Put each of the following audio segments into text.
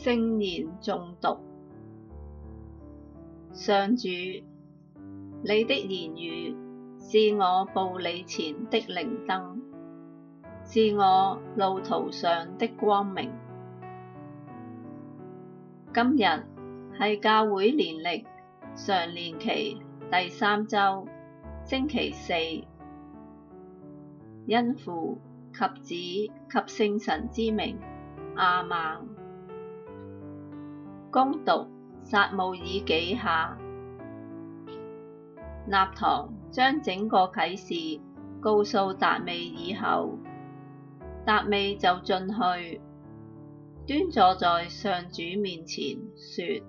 聖言誦讀。上主，你的言語是我步履前的靈燈，是我路途上的光明。今日係教會年曆常年期第三週，星期四。因父及子及聖神之名，亞孟。恭讀撒慕爾紀下，納堂將整個啟示告訴達味以後，達味就進去，端坐在上主面前說，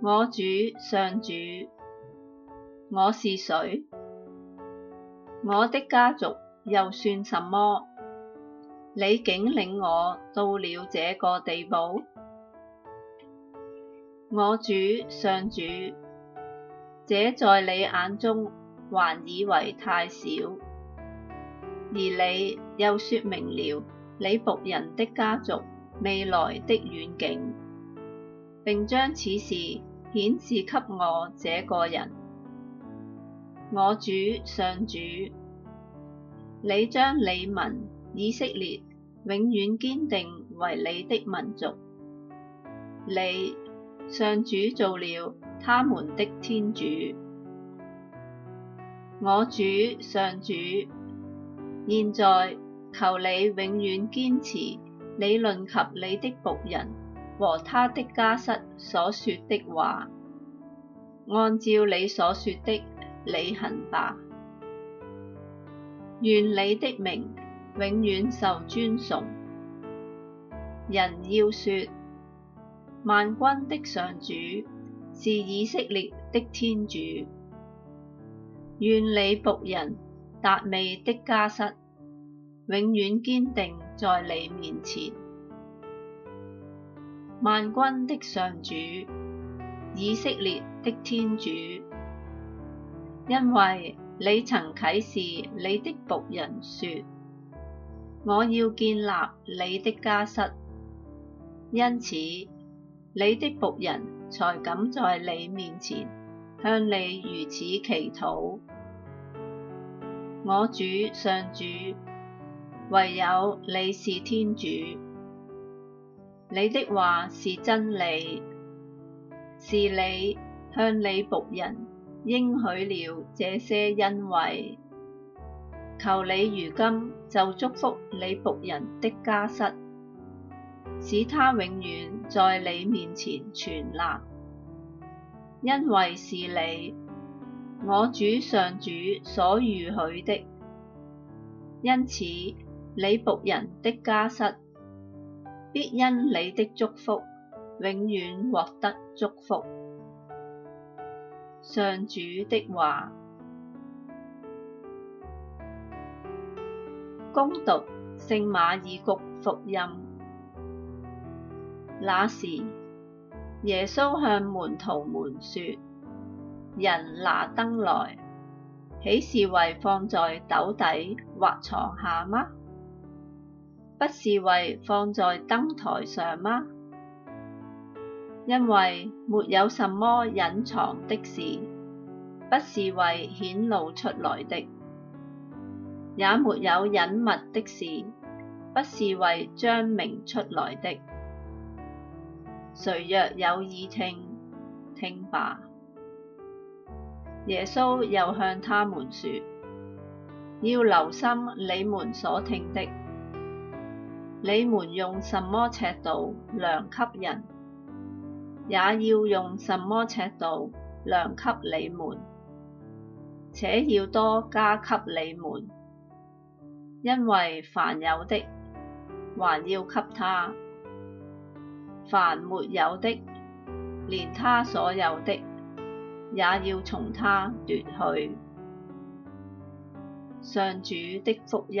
說：我主上主，我是誰？我的家族又算什麼？你竟領我到了這個地步？我主上主，這在你眼中還以為太小，而你又說明了你僕人的家族未來的遠景，並將此事顯示給我這個人。我主上主，你將你民以色列永遠堅定為你的民族，你。上主做了他們的天主，我主上主，現在求你永遠堅持你論及你的僕人和他的家室所說的話，按照你所說的履行吧。願你的名永遠受尊崇。人要說。萬軍的上主是以色列的天主，願你僕人達味的家室永遠堅定在你面前。萬軍的上主，以色列的天主，因為你曾啟示你的僕人說：我要建立你的家室，因此。你的僕人才敢在你面前向你如此祈禱，我主上主，唯有你是天主，你的話是真理，是你向你僕人應許了這些恩惠，求你如今就祝福你僕人的家室，使他永遠。在你面前存立，因為是你，我主上主所預許的。因此，你僕人的家室必因你的祝福，永遠獲得祝福。上主的話。恭讀《聖馬爾谷福音。那時，耶穌向門徒們説：人拿燈來，豈是為放在斗底或床下嗎？不是為放在燈台上嗎？因為沒有什麼隱藏的事，不是為顯露出來的；也沒有隱密的事，不是為彰明出來的。誰若有耳聽，聽吧。耶穌又向他們說：要留心你們所聽的。你們用什麼尺度量給人，也要用什麼尺度量給你們，且要多加給你們，因為凡有的，還要給他。凡沒有的，連他所有的，也要從他奪去。上主的福音。